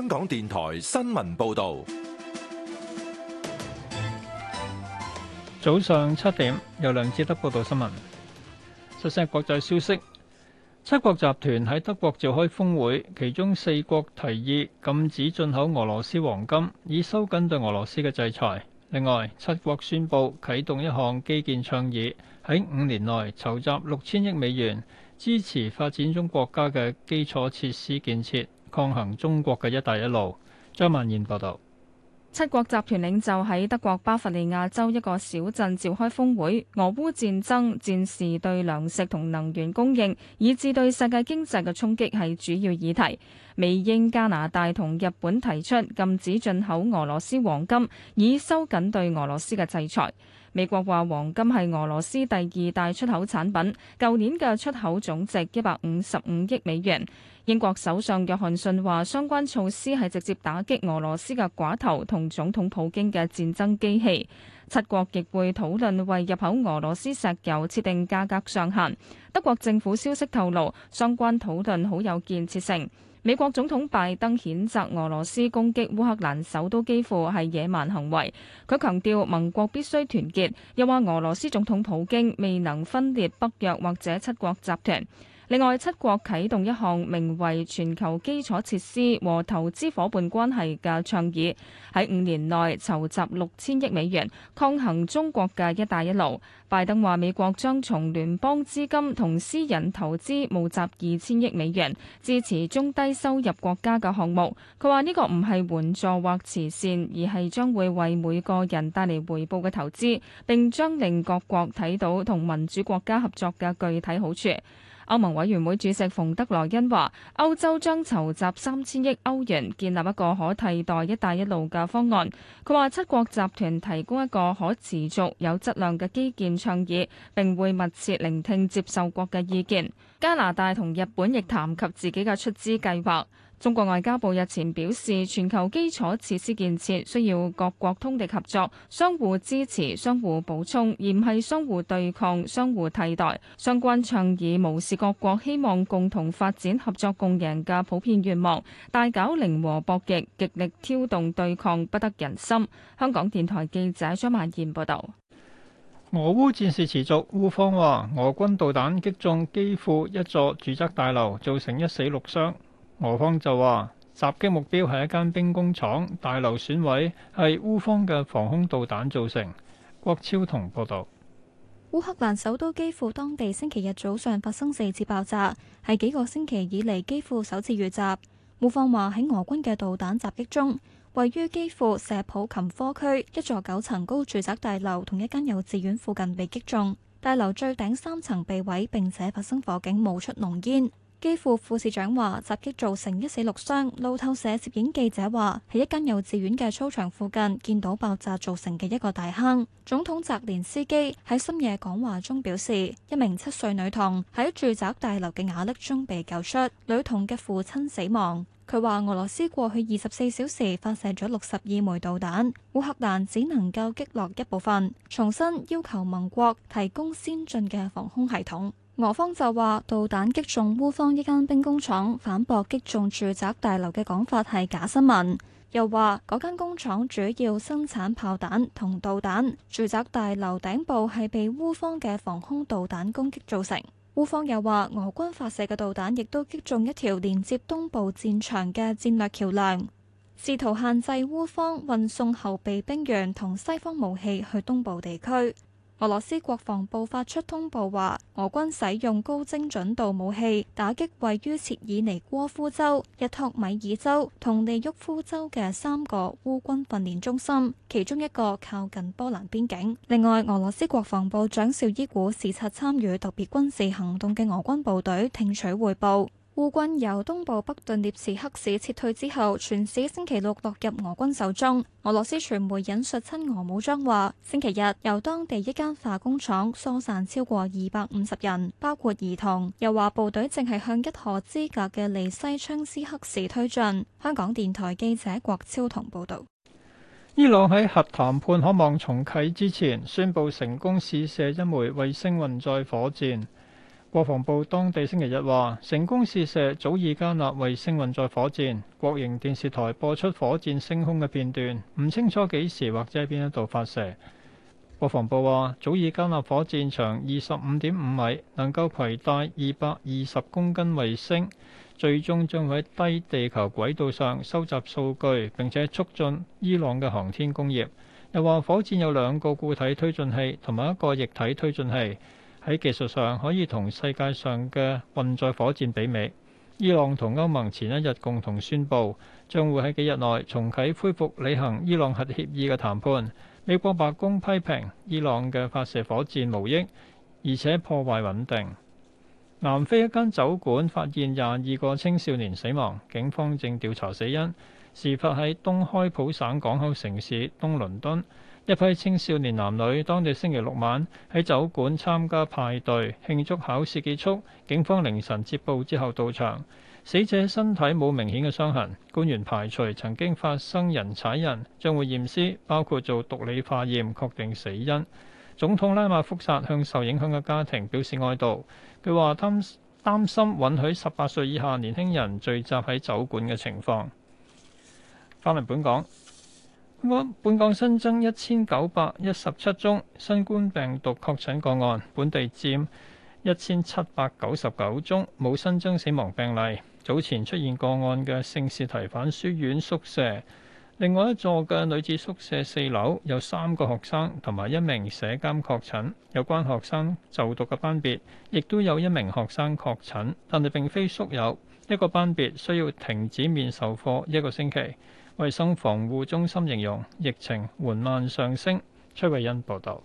香港電台新聞報道，早上七點有梁志德報道新聞。首先國際消息，七國集團喺德國召開峰會，其中四國提議禁止進口俄羅斯黃金，以收緊對俄羅斯嘅制裁。另外，七國宣布啟動一項基建倡議，喺五年內籌集六千億美元，支持發展中國家嘅基礎設施建設。抗衡中國嘅一帶一路。張曼燕報道，七國集團領袖喺德國巴伐利亞州一個小鎮召開峰會，俄烏戰爭戰事對糧食同能源供應，以至對世界經濟嘅衝擊係主要議題。美英加拿大同日本提出禁止進口俄羅斯黃金，以收緊對俄羅斯嘅制裁。美國話黃金係俄羅斯第二大出口產品，舊年嘅出口總值一百五十五億美元。英國首相約翰遜話，相關措施係直接打擊俄羅斯嘅寡頭同總統普京嘅戰爭機器。七國亦會討論為入口俄羅斯石油設定價格上限。德國政府消息透露，相關討論好有建設性。美國總統拜登譴責俄羅斯攻擊烏克蘭首都基輔係野蠻行為，佢強調盟國必須團結，又話俄羅斯總統普京未能分裂北約或者七國集團。另外，七國啟動一項名為全球基礎設施和投資伙伴關係嘅倡議，喺五年內籌集六千億美元，抗衡中國嘅一帶一路。拜登話美國將從聯邦資金同私人投資募集二千億美元，支持中低收入國家嘅項目。佢話呢個唔係援助或慈善，而係將會為每個人帶嚟回報嘅投資，並將令各國睇到同民主國家合作嘅具體好處。歐盟委員會主席馮德萊恩話：歐洲將籌集三千億歐元，建立一個可替代“一帶一路”嘅方案。佢話七國集團提供一個可持續、有質量嘅基建倡議，並會密切聆聽接受國嘅意見。加拿大同日本亦談及自己嘅出資計劃。中國外交部日前表示，全球基礎設施建設需要各國通力合作、相互支持、相互補充，而唔係相互對抗、相互替代。相關倡議無視各國希望共同發展、合作共贏嘅普遍願望，大搞零和博弈，極力挑動對抗，不得人心。香港電台記者張曼燕報導。俄烏戰事持續，烏方話俄軍導彈擊中基輔一座住宅大樓，造成一死六傷。俄方就話，襲擊目標係一間兵工廠，大樓損毀係烏方嘅防空導彈造成。郭超同報道。烏克蘭首都基輔當地星期日早上發生四次爆炸，係幾個星期以嚟基輔首次遇襲。烏方話喺俄軍嘅導彈襲擊中，位於基輔舍普琴科區一座九層高住宅大樓同一間幼稚園附近被擊中，大樓最頂三層被毀並且發生火警，冒出濃煙。基輔副市長話，襲擊造成一死六傷。路透社攝影記者話，喺一間幼稚園嘅操場附近見到爆炸造成嘅一個大坑。總統澤連斯基喺深夜講話中表示，一名七歲女童喺住宅大樓嘅瓦礫中被救出，女童嘅父親死亡。佢話俄羅斯過去二十四小時發射咗六十二枚導彈，烏克蘭只能夠擊落一部分，重新要求盟國提供先進嘅防空系統。俄方就話導彈擊中烏方一間兵工廠，反駁擊中住宅大樓嘅講法係假新聞，又話嗰間工廠主要生產炮彈同導彈，住宅大樓頂部係被烏方嘅防空導彈攻擊造成。烏方又話俄軍發射嘅導彈亦都擊中一條連接東部戰場嘅戰略橋樑，試圖限制烏方運送後備兵員同西方武器去東部地區。俄羅斯國防部發出通報話，俄軍使用高精準度武器打擊位於切爾尼戈夫州、日托米爾州同利沃夫州嘅三個烏軍訓練中心，其中一個靠近波蘭邊境。另外，俄羅斯國防部長紹伊古視察參與特別軍事行動嘅俄軍部隊，聽取匯報。烏軍由東部北頓涅茨克市撤退之後，全市星期六落入俄軍手中。俄羅斯傳媒引述親俄武裝話，星期日由當地一間化工廠疏散超過二百五十人，包括兒童。又話部隊正係向一河之隔嘅利西昌斯克市推進。香港電台記者郭超同報道。伊朗喺核談判可望重啟之前，宣布成功試射一枚衛星運載火箭。國防部當地星期日話，成功試射早已加納衛星運載火箭。國營電視台播出火箭升空嘅片段，唔清楚幾時或者喺邊一度發射。國防部話，早已加納火箭長二十五點五米，能夠攜帶二百二十公斤衛星，最終將會喺低地球軌道上收集數據，並且促進伊朗嘅航天工業。又話火箭有兩個固體推進器同埋一個液體推進器。喺技術上可以同世界上嘅運載火箭媲美。伊朗同歐盟前一日共同宣布，將會喺幾日內重啟恢復履行伊朗核協議嘅談判。美國白宮批評伊朗嘅發射火箭無益，而且破壞穩定。南非一間酒館發現廿二個青少年死亡，警方正調查死因。事發喺東開普省港口城市東倫敦。一批青少年男女，當地星期六晚喺酒館參加派對慶祝考試結束。警方凌晨接報之後到場，死者身體冇明顯嘅傷痕，官員排除曾經發生人踩人，將會驗屍，包括做毒理化驗，確定死因。總統拉馬福薩向受影響嘅家庭表示哀悼。佢話擔擔心允許十八歲以下年輕人聚集喺酒館嘅情況。翻嚟本港。本港新增一千九百一十七宗新冠病毒確診個案，本地佔一千七百九十九宗，冇新增死亡病例。早前出現個案嘅姓氏提反書院聖士提反書院宿舍，另外一座嘅女子宿舍四樓有三個學生同埋一名舍監確診，有關學生就讀嘅班別亦都有一名學生確診，但係並非宿友。一個班別需要停止面授課一個星期。衞生防護中心形容疫情緩慢上升。崔慧欣報道，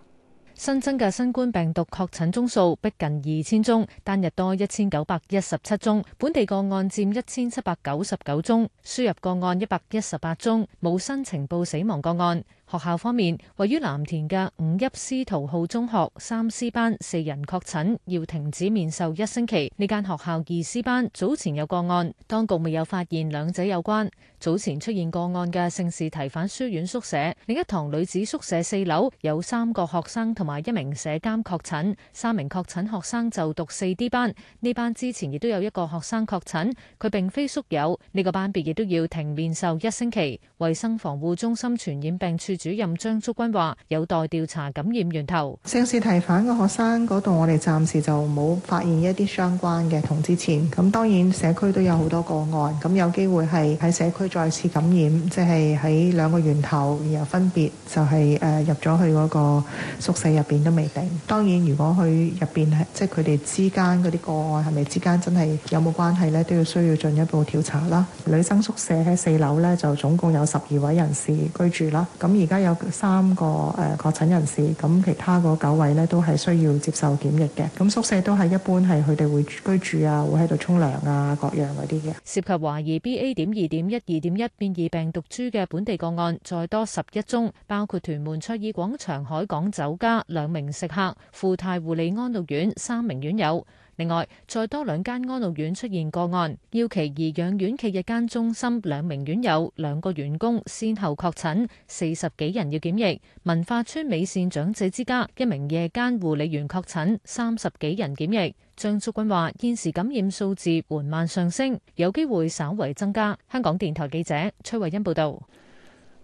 新增嘅新冠病毒確診宗數逼近二千宗，單日多一千九百一十七宗，本地個案佔一千七百九十九宗，輸入個案一百一十八宗，冇新情報死亡個案。學校方面，位於藍田嘅五邑司徒浩中學三 C 班四人確診，要停止面授一星期。呢間學校二 C 班早前有個案，當局未有發現兩者有關。早前出現個案嘅聖士提反書院宿舍，另一堂女子宿舍四樓有三個學生同埋一名舍監確診，三名確診學生就讀四 D 班，呢班之前亦都有一個學生確診，佢並非宿友，呢、呢個班別亦都要停面授一星期。衛生防護中心傳染病處。主任張竹君話：有待調查感染源頭。上次提返個學生嗰度，我哋暫時就冇發現一啲相關嘅同之前。咁當然社區都有好多個案，咁有機會係喺社區再次感染，即係喺兩個源頭，然後分別就係、是、誒、呃、入咗去嗰個宿舍入邊都未定。當然，如果佢入邊係即係佢哋之間嗰啲個案係咪之間真係有冇關係呢？都要需要進一步調查啦。女生宿舍喺四樓呢，就總共有十二位人士居住啦。咁而家有三個誒確診人士，咁其他嗰九位咧都係需要接受檢疫嘅。咁宿舍都係一般係佢哋會居住啊，會喺度沖涼啊，各樣嗰啲嘅。涉及懷疑 BA. 點二點一、二點一變異病毒株嘅本地個案，再多十一宗，包括屯門卓爾廣場海港酒家兩名食客、富泰護理安老院三名院友。另外，再多兩間安老院出現個案，要其頤養院暨日間中心兩名院友、兩個員工先後確診，四十幾人要檢疫。文化村美善長者之家一名夜間護理員確診，三十幾人檢疫。張竹君話：現時感染數字緩慢上升，有機會稍為增加。香港電台記者崔慧欣報道，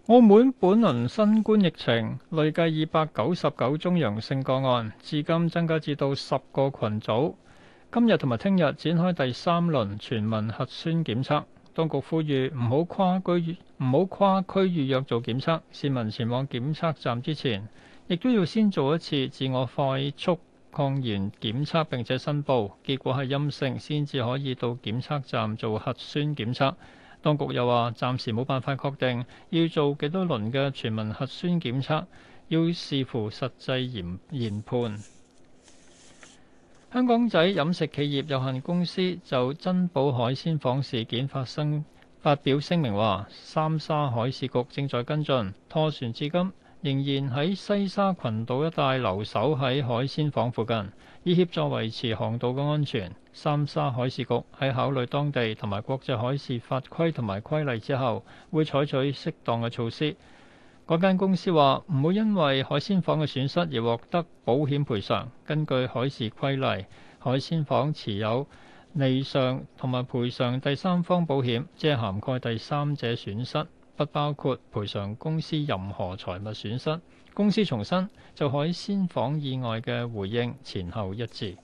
澳門本輪新冠疫情累計二百九十九宗陽性個案，至今增加至到十個群組。今日同埋聽日展開第三輪全民核酸檢測，當局呼籲唔好跨區唔好跨區預約做檢測，市民前往檢測站之前，亦都要先做一次自我快速抗原檢測並且申報結果係陰性，先至可以到檢測站做核酸檢測，當局又話暫時冇辦法確定要做幾多輪嘅全民核酸檢測，要視乎實際研研判。香港仔飲食企業有限公司就珍寶海鮮舫事件發生發表聲明話，三沙海事局正在跟進，拖船至今仍然喺西沙群島一帶留守喺海鮮舫附近，以協助維持航道嘅安全。三沙海事局喺考慮當地同埋國際海事法規同埋規例之後，會採取適當嘅措施。嗰間公司話唔會因為海鮮房嘅損失而獲得保險賠償。根據海事規例，海鮮房持有利上同埋賠償第三方保險，即係涵蓋第三者損失，不包括賠償公司任何財物損失。公司重申就海鮮房意外嘅回應前後一致。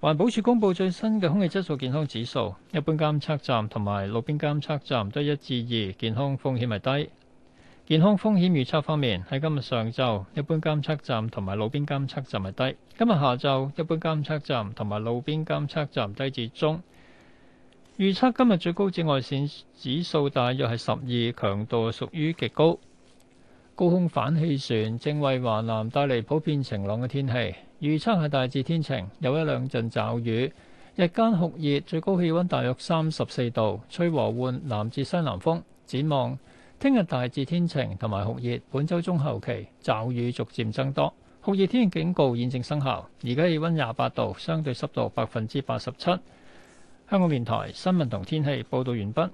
環保署公布最新嘅空氣質素健康指數，一般監測站同埋路邊監測站都一至二，健康風險係低。健康風險預測方面，喺今日上晝，一般監測站同埋路邊監測站係低；今日下晝，一般監測站同埋路邊監測站低至中。預測今日最高紫外線指數大約係十二，強度屬於極高。高空反氣旋正為華南帶嚟普遍晴朗嘅天氣，預測係大致天晴，有一兩陣驟雨。日間酷熱，最高氣温大約三十四度，吹和緩南至西南風。展望。聽日大致天晴同埋酷熱，本周中後期驟雨逐漸增多，酷熱天氣警告現正生效。而家氣温廿八度，相對濕度百分之八十七。香港電台新聞同天氣報導完畢。